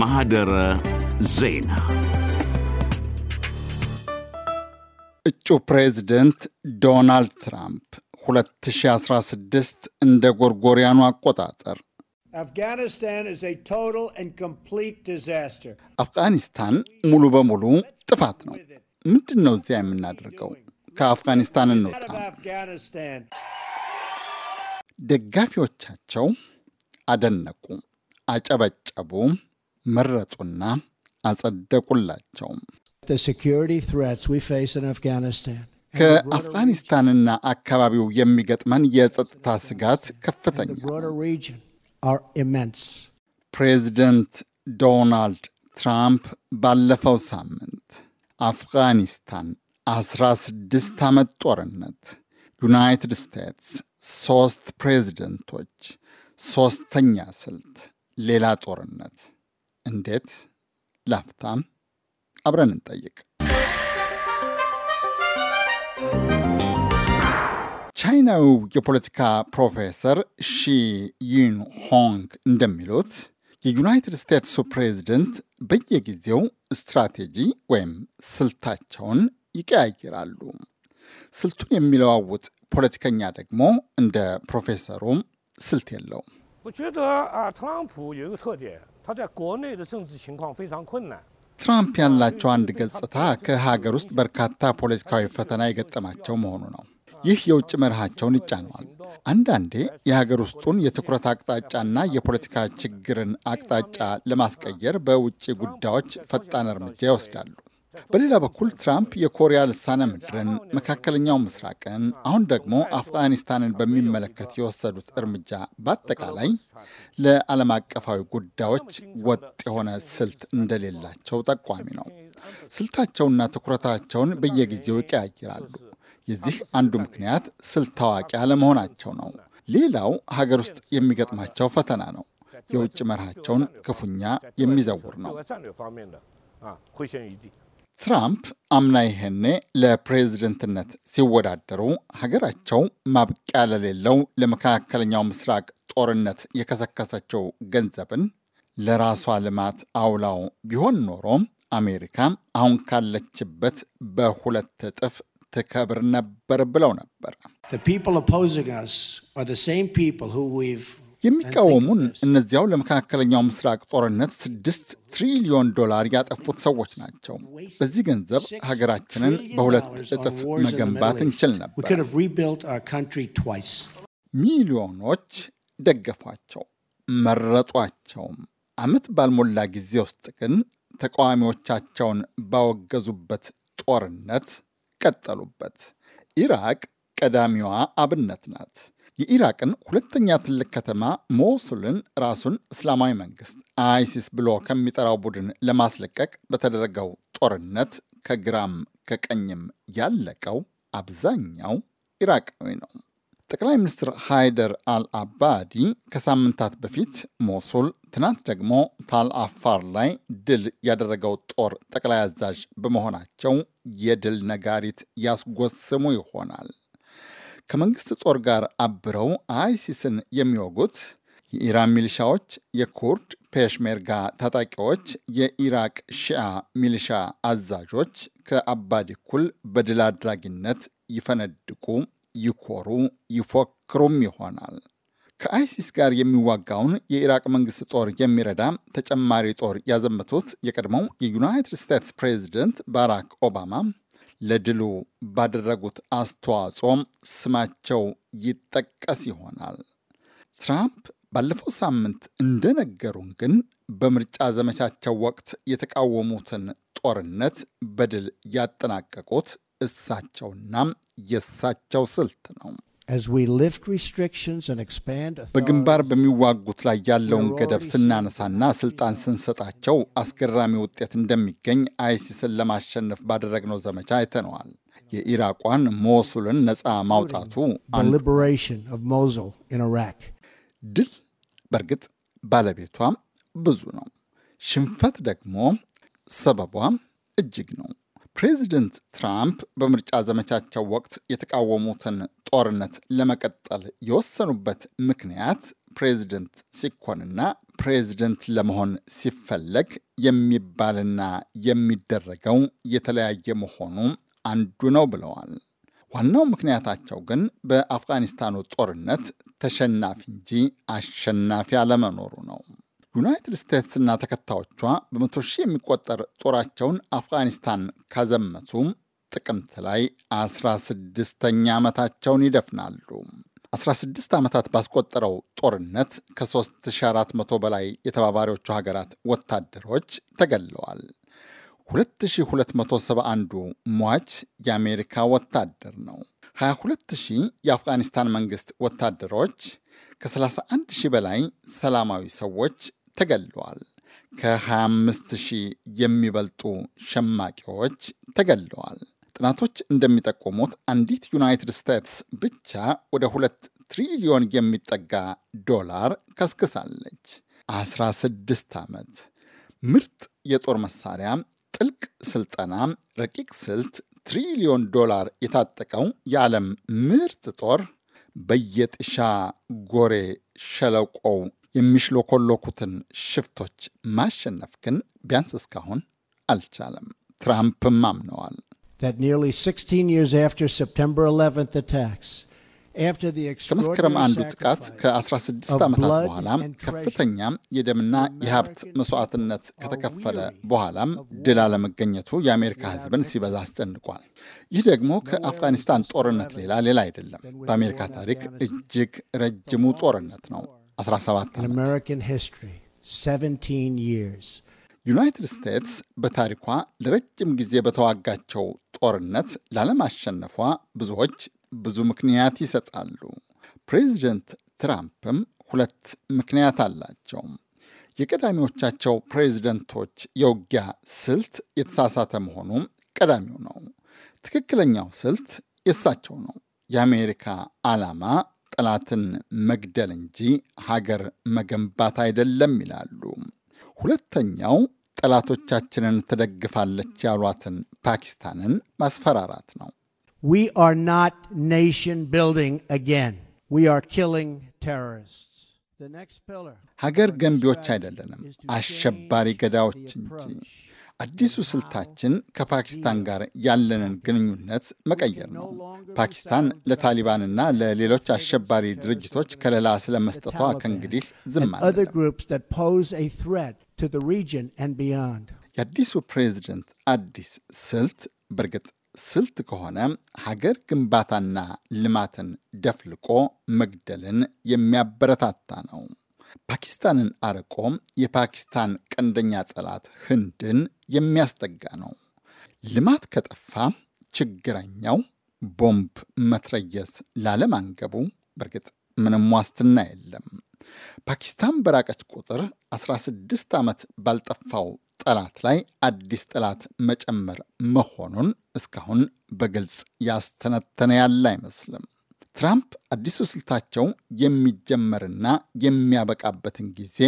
ማህደረ ዜና እጩ ፕሬዚደንት ዶናልድ ትራምፕ 2016 እንደ ጎርጎሪያኑ አቆጣጠር አፍጋኒስታን ሙሉ በሙሉ ጥፋት ነው። ምንድን ነው እዚያ የምናደርገው? ከአፍጋኒስታን እንወጣ ደጋፊዎቻቸው አደነቁ፣ አጨበጨቡ፣ መረጡና አጸደቁላቸው። ከአፍጋኒስታንና አካባቢው የሚገጥመን የጸጥታ ስጋት ከፍተኛ። ፕሬዚደንት ዶናልድ ትራምፕ ባለፈው ሳምንት አፍጋኒስታን 16 ዓመት ጦርነት ዩናይትድ ስቴትስ ሶስት ፕሬዝደንቶች፣ ሶስተኛ ስልት፣ ሌላ ጦርነት። እንዴት? ላፍታም አብረን እንጠይቅ። ቻይናዊ የፖለቲካ ፕሮፌሰር ሺ ዩን ሆንግ እንደሚሉት የዩናይትድ ስቴትሱ ፕሬዚደንት በየጊዜው ስትራቴጂ ወይም ስልታቸውን ይቀያይራሉ። ስልቱን የሚለዋውጥ ፖለቲከኛ ደግሞ እንደ ፕሮፌሰሩም ስልት የለውም። ትራምፕ ያላቸው አንድ ገጽታ ከሀገር ውስጥ በርካታ ፖለቲካዊ ፈተና የገጠማቸው መሆኑ ነው። ይህ የውጭ መርሃቸውን ይጫነዋል። አንዳንዴ የሀገር ውስጡን የትኩረት አቅጣጫና የፖለቲካ ችግርን አቅጣጫ ለማስቀየር በውጭ ጉዳዮች ፈጣን እርምጃ ይወስዳሉ። በሌላ በኩል ትራምፕ የኮሪያ ልሳነ ምድርን፣ መካከለኛው ምስራቅን፣ አሁን ደግሞ አፍጋኒስታንን በሚመለከት የወሰዱት እርምጃ በአጠቃላይ ለዓለም አቀፋዊ ጉዳዮች ወጥ የሆነ ስልት እንደሌላቸው ጠቋሚ ነው። ስልታቸውና ትኩረታቸውን በየጊዜው ይቀያይራሉ። የዚህ አንዱ ምክንያት ስልት ታዋቂ አለመሆናቸው ነው። ሌላው ሀገር ውስጥ የሚገጥማቸው ፈተና ነው። የውጭ መርሃቸውን ክፉኛ የሚዘውር ነው። ትራምፕ አምና ይሄኔ ለፕሬዝደንትነት ሲወዳደሩ ሀገራቸው ማብቂያ ለሌለው ለመካከለኛው ምስራቅ ጦርነት የከሰከሰችው ገንዘብን ለራሷ ልማት አውላው ቢሆን ኖሮ አሜሪካ አሁን ካለችበት በሁለት እጥፍ ትከብር ነበር ብለው ነበር። የሚቃወሙን እነዚያው ለመካከለኛው ምስራቅ ጦርነት ስድስት ትሪሊዮን ዶላር ያጠፉት ሰዎች ናቸው። በዚህ ገንዘብ ሀገራችንን በሁለት እጥፍ መገንባት እንችል ነበር። ሚሊዮኖች ደገፏቸው፣ መረጧቸውም። ዓመት ባልሞላ ጊዜ ውስጥ ግን ተቃዋሚዎቻቸውን ባወገዙበት ጦርነት ቀጠሉበት። ኢራቅ ቀዳሚዋ አብነት ናት። የኢራቅን ሁለተኛ ትልቅ ከተማ ሞሱልን ራሱን እስላማዊ መንግስት አይሲስ ብሎ ከሚጠራው ቡድን ለማስለቀቅ በተደረገው ጦርነት ከግራም ከቀኝም ያለቀው አብዛኛው ኢራቃዊ ነው። ጠቅላይ ሚኒስትር ሃይደር አልአባዲ ከሳምንታት በፊት ሞሱል፣ ትናንት ደግሞ ታል አፋር ላይ ድል ያደረገው ጦር ጠቅላይ አዛዥ በመሆናቸው የድል ነጋሪት ያስጎስሙ ይሆናል። ከመንግስት ጦር ጋር አብረው አይሲስን የሚወጉት የኢራን ሚሊሻዎች፣ የኩርድ ፔሽሜርጋ ታጣቂዎች፣ የኢራቅ ሺአ ሚሊሻ አዛዦች ከአባዲ እኩል በድል አድራጊነት ይፈነድቁ፣ ይኮሩ፣ ይፎክሩም ይሆናል። ከአይሲስ ጋር የሚዋጋውን የኢራቅ መንግስት ጦር የሚረዳ ተጨማሪ ጦር ያዘመቱት የቀድሞው የዩናይትድ ስቴትስ ፕሬዚደንት ባራክ ኦባማ ለድሉ ባደረጉት አስተዋጽኦም ስማቸው ይጠቀስ ይሆናል። ትራምፕ ባለፈው ሳምንት እንደነገሩን ግን በምርጫ ዘመቻቸው ወቅት የተቃወሙትን ጦርነት በድል ያጠናቀቁት እሳቸውና የእሳቸው ስልት ነው። በግንባር በሚዋጉት ላይ ያለውን ገደብ ስናነሳና ስልጣን ስንሰጣቸው አስገራሚ ውጤት እንደሚገኝ አይሲስን ለማሸነፍ ባደረግነው ዘመቻ አይተነዋል። የኢራቋን ሞሱልን ነፃ ማውጣቱ ድል በእርግጥ ባለቤቷም ብዙ ነው። ሽንፈት ደግሞ ሰበቧም እጅግ ነው። ፕሬዚደንት ትራምፕ በምርጫ ዘመቻቸው ወቅት የተቃወሙትን ጦርነት ለመቀጠል የወሰኑበት ምክንያት ፕሬዚደንት ሲኮንና ፕሬዚደንት ለመሆን ሲፈለግ የሚባልና የሚደረገው የተለያየ መሆኑ አንዱ ነው ብለዋል። ዋናው ምክንያታቸው ግን በአፍጋኒስታኑ ጦርነት ተሸናፊ እንጂ አሸናፊ አለመኖሩ ነው። ዩናይትድ ስቴትስና ተከታዮቿ በመቶ ሺህ የሚቆጠር ጦራቸውን አፍጋኒስታን ካዘመቱም ጥቅምት ላይ 16ተኛ ዓመታቸውን ይደፍናሉ። 16 ዓመታት ባስቆጠረው ጦርነት ከ3400 በላይ የተባባሪዎቹ ሀገራት ወታደሮች ተገለዋል። 2271ዱ ሟች የአሜሪካ ወታደር ነው። 22000 የአፍጋኒስታን መንግስት ወታደሮች ከ ከ31000 ሺህ በላይ ሰላማዊ ሰዎች ተገለዋል። ከ25 ሺህ የሚበልጡ ሸማቂዎች ተገለዋል። ጥናቶች እንደሚጠቁሙት አንዲት ዩናይትድ ስቴትስ ብቻ ወደ ሁለት ትሪሊዮን የሚጠጋ ዶላር ከስክሳለች። 16 ዓመት ምርጥ የጦር መሳሪያ፣ ጥልቅ ስልጠና፣ ረቂቅ ስልት፣ ትሪሊዮን ዶላር የታጠቀው የዓለም ምርጥ ጦር በየጥሻ ጎሬ ሸለቆው የሚሽሎኮሎኩትን ሽፍቶች ማሸነፍ ግን ቢያንስ እስካሁን አልቻለም። ትራምፕም አምነዋል ከመስከረም አንዱ ጥቃት ከ16 ዓመታት በኋላ ከፍተኛ የደምና የሀብት መስዋዕትነት ከተከፈለ በኋላም ድል አለመገኘቱ የአሜሪካ ሕዝብን ሲበዛ አስጨንቋል። ይህ ደግሞ ከአፍጋኒስታን ጦርነት ሌላ ሌላ አይደለም። በአሜሪካ ታሪክ እጅግ ረጅሙ ጦርነት ነው። 17 ዓመት ዩናይትድ ስቴትስ በታሪኳ ለረጅም ጊዜ በተዋጋቸው ጦርነት ላለማሸነፏ ብዙዎች ብዙ ምክንያት ይሰጣሉ። ፕሬዚደንት ትራምፕም ሁለት ምክንያት አላቸው። የቀዳሚዎቻቸው ፕሬዚደንቶች የውጊያ ስልት የተሳሳተ መሆኑ ቀዳሚው ነው። ትክክለኛው ስልት የእሳቸው ነው። የአሜሪካ ዓላማ ጠላትን መግደል እንጂ ሀገር መገንባት አይደለም ይላሉ። ሁለተኛው ጠላቶቻችንን ትደግፋለች ያሏትን ፓኪስታንን ማስፈራራት ነው። ሀገር ገንቢዎች አይደለንም፣ አሸባሪ ገዳዎች እንጂ አዲሱ ስልታችን ከፓኪስታን ጋር ያለንን ግንኙነት መቀየር ነው። ፓኪስታን ለታሊባንና ለሌሎች አሸባሪ ድርጅቶች ከለላ ስለመስጠቷ ከእንግዲህ ዝም የአዲሱ ፕሬዝደንት አዲስ ስልት በእርግጥ ስልት ከሆነ ሀገር ግንባታና ልማትን ደፍልቆ መግደልን የሚያበረታታ ነው። ፓኪስታንን አርቆ የፓኪስታን ቀንደኛ ጠላት ህንድን የሚያስጠጋ ነው። ልማት ከጠፋ ችግረኛው ቦምብ መትረየስ ላለማንገቡ በእርግጥ ምንም ዋስትና የለም። ፓኪስታን በራቀች ቁጥር 16 ዓመት ባልጠፋው ጠላት ላይ አዲስ ጠላት መጨመር መሆኑን እስካሁን በግልጽ ያስተነተነ ያለ አይመስልም። ትራምፕ አዲሱ ስልታቸው የሚጀመርና የሚያበቃበትን ጊዜ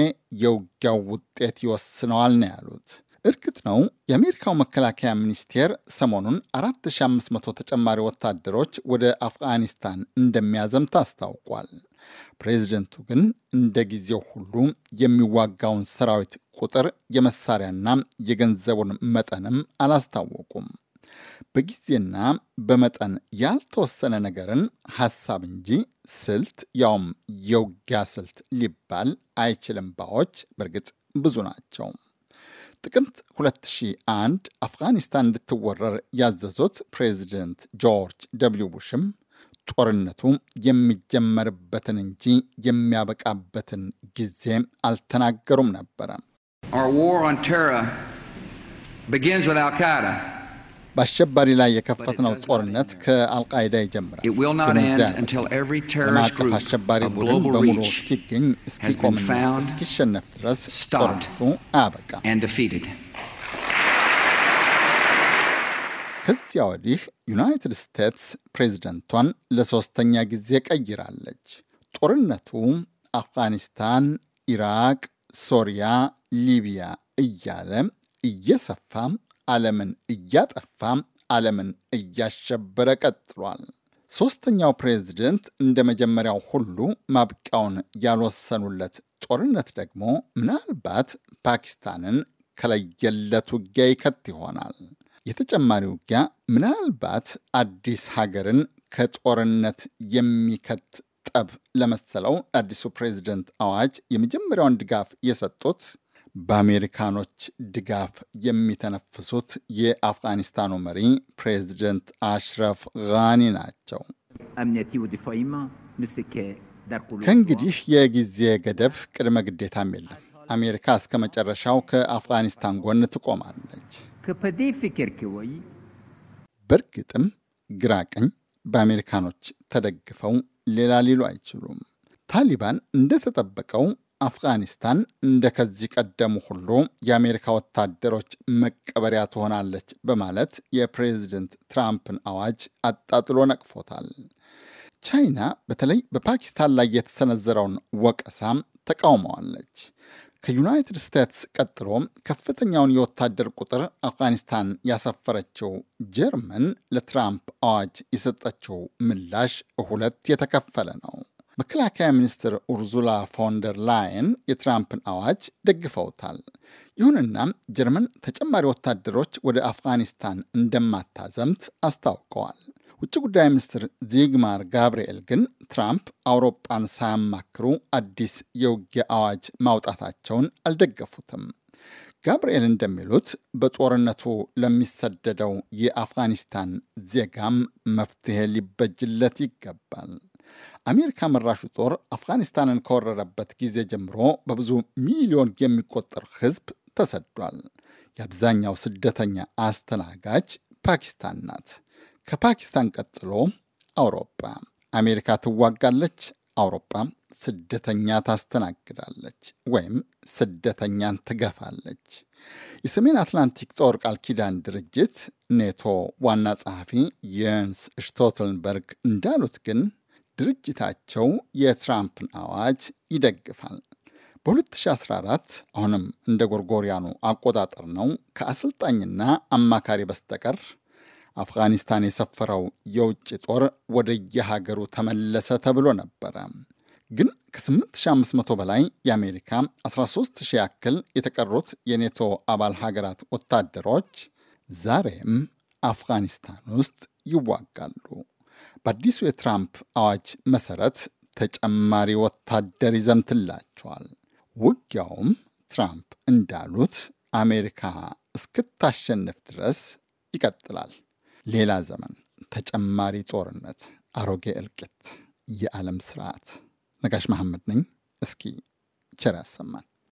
የውጊያው ውጤት ይወስነዋል ነው ያሉት። እርግጥ ነው የአሜሪካው መከላከያ ሚኒስቴር ሰሞኑን 4500 ተጨማሪ ወታደሮች ወደ አፍጋኒስታን እንደሚያዘምት አስታውቋል። ፕሬዚደንቱ ግን እንደ ጊዜው ሁሉ የሚዋጋውን ሰራዊት ቁጥር የመሳሪያና የገንዘቡን መጠንም አላስታወቁም። በጊዜና በመጠን ያልተወሰነ ነገርን ሀሳብ እንጂ ስልት ያውም የውጊያ ስልት ሊባል አይችልም ባዎች በእርግጥ ብዙ ናቸው። ጥቅምት 2001 አፍጋኒስታን እንድትወረር ያዘዙት ፕሬዚደንት ጆርጅ ደብሊው ቡሽም ጦርነቱ የሚጀመርበትን እንጂ የሚያበቃበትን ጊዜ አልተናገሩም ነበረ። በአሸባሪ ላይ የከፈትነው ጦርነት ከአልቃይዳ ይጀምራል። ዓለም አቀፍ አሸባሪ ቡድን በሙሉ እስኪገኝ፣ እስኪቆምና እስኪሸነፍ ድረስ ጦርነቱ አያበቃም። ከዚያ ወዲህ ዩናይትድ ስቴትስ ፕሬዚደንቷን ለሦስተኛ ጊዜ ቀይራለች። ጦርነቱ አፍጋኒስታን፣ ኢራቅ፣ ሶሪያ፣ ሊቢያ እያለ እየሰፋ ዓለምን እያጠፋ ዓለምን እያሸበረ ቀጥሏል። ሦስተኛው ፕሬዝደንት እንደ መጀመሪያው ሁሉ ማብቂያውን ያልወሰኑለት ጦርነት ደግሞ ምናልባት ፓኪስታንን ከለየለት ውጊያ ይከት ይሆናል። የተጨማሪ ውጊያ ምናልባት አዲስ ሀገርን ከጦርነት የሚከት ጠብ ለመሰለው አዲሱ ፕሬዝደንት አዋጅ የመጀመሪያውን ድጋፍ የሰጡት በአሜሪካኖች ድጋፍ የሚተነፍሱት የአፍጋኒስታኑ መሪ ፕሬዚደንት አሽረፍ ጋኒ ናቸው። ከእንግዲህ የጊዜ ገደብ፣ ቅድመ ግዴታም የለም። አሜሪካ እስከ መጨረሻው ከአፍጋኒስታን ጎን ትቆማለች። በእርግጥም ግራ ቀኝ በአሜሪካኖች ተደግፈው ሌላ ሊሉ አይችሉም። ታሊባን እንደተጠበቀው አፍጋኒስታን እንደከዚህ ቀደሙ ሁሉ የአሜሪካ ወታደሮች መቀበሪያ ትሆናለች በማለት የፕሬዝደንት ትራምፕን አዋጅ አጣጥሎ ነቅፎታል። ቻይና በተለይ በፓኪስታን ላይ የተሰነዘረውን ወቀሳም ተቃውመዋለች። ከዩናይትድ ስቴትስ ቀጥሎ ከፍተኛውን የወታደር ቁጥር አፍጋኒስታን ያሰፈረችው ጀርመን ለትራምፕ አዋጅ የሰጠችው ምላሽ ሁለት የተከፈለ ነው። መከላከያ ሚኒስትር ኡርዙላ ፎንደር ላይን የትራምፕን አዋጅ ደግፈውታል። ይሁንና ጀርመን ተጨማሪ ወታደሮች ወደ አፍጋኒስታን እንደማታዘምት አስታውቀዋል። ውጭ ጉዳይ ሚኒስትር ዚግማር ጋብርኤል ግን ትራምፕ አውሮፓን ሳያማክሩ አዲስ የውጊያ አዋጅ ማውጣታቸውን አልደገፉትም። ጋብርኤል እንደሚሉት በጦርነቱ ለሚሰደደው የአፍጋኒስታን ዜጋም መፍትሄ ሊበጅለት ይገባል። አሜሪካ መራሹ ጦር አፍጋኒስታንን ከወረረበት ጊዜ ጀምሮ በብዙ ሚሊዮን የሚቆጠር ሕዝብ ተሰዷል። የአብዛኛው ስደተኛ አስተናጋጅ ፓኪስታን ናት። ከፓኪስታን ቀጥሎ አውሮፓ። አሜሪካ ትዋጋለች፣ አውሮፓ ስደተኛ ታስተናግዳለች ወይም ስደተኛን ትገፋለች። የሰሜን አትላንቲክ ጦር ቃል ኪዳን ድርጅት ኔቶ ዋና ጸሐፊ የንስ ሽቶልተንበርግ እንዳሉት ግን ድርጅታቸው የትራምፕን አዋጅ ይደግፋል። በ2014 አሁንም እንደ ጎርጎሪያኑ አቆጣጠር ነው። ከአሰልጣኝና አማካሪ በስተቀር አፍጋኒስታን የሰፈረው የውጭ ጦር ወደየሀገሩ ተመለሰ ተብሎ ነበረ። ግን ከ8500 በላይ የአሜሪካ 13000 ያክል የተቀሩት የኔቶ አባል ሀገራት ወታደሮች ዛሬም አፍጋኒስታን ውስጥ ይዋጋሉ። በአዲሱ የትራምፕ አዋጅ መሰረት ተጨማሪ ወታደር ይዘምትላቸዋል። ውጊያውም ትራምፕ እንዳሉት አሜሪካ እስክታሸንፍ ድረስ ይቀጥላል። ሌላ ዘመን፣ ተጨማሪ ጦርነት፣ አሮጌ እልቂት፣ የዓለም ስርዓት። ነጋሽ መሐመድ ነኝ። እስኪ ቸር ያሰማል።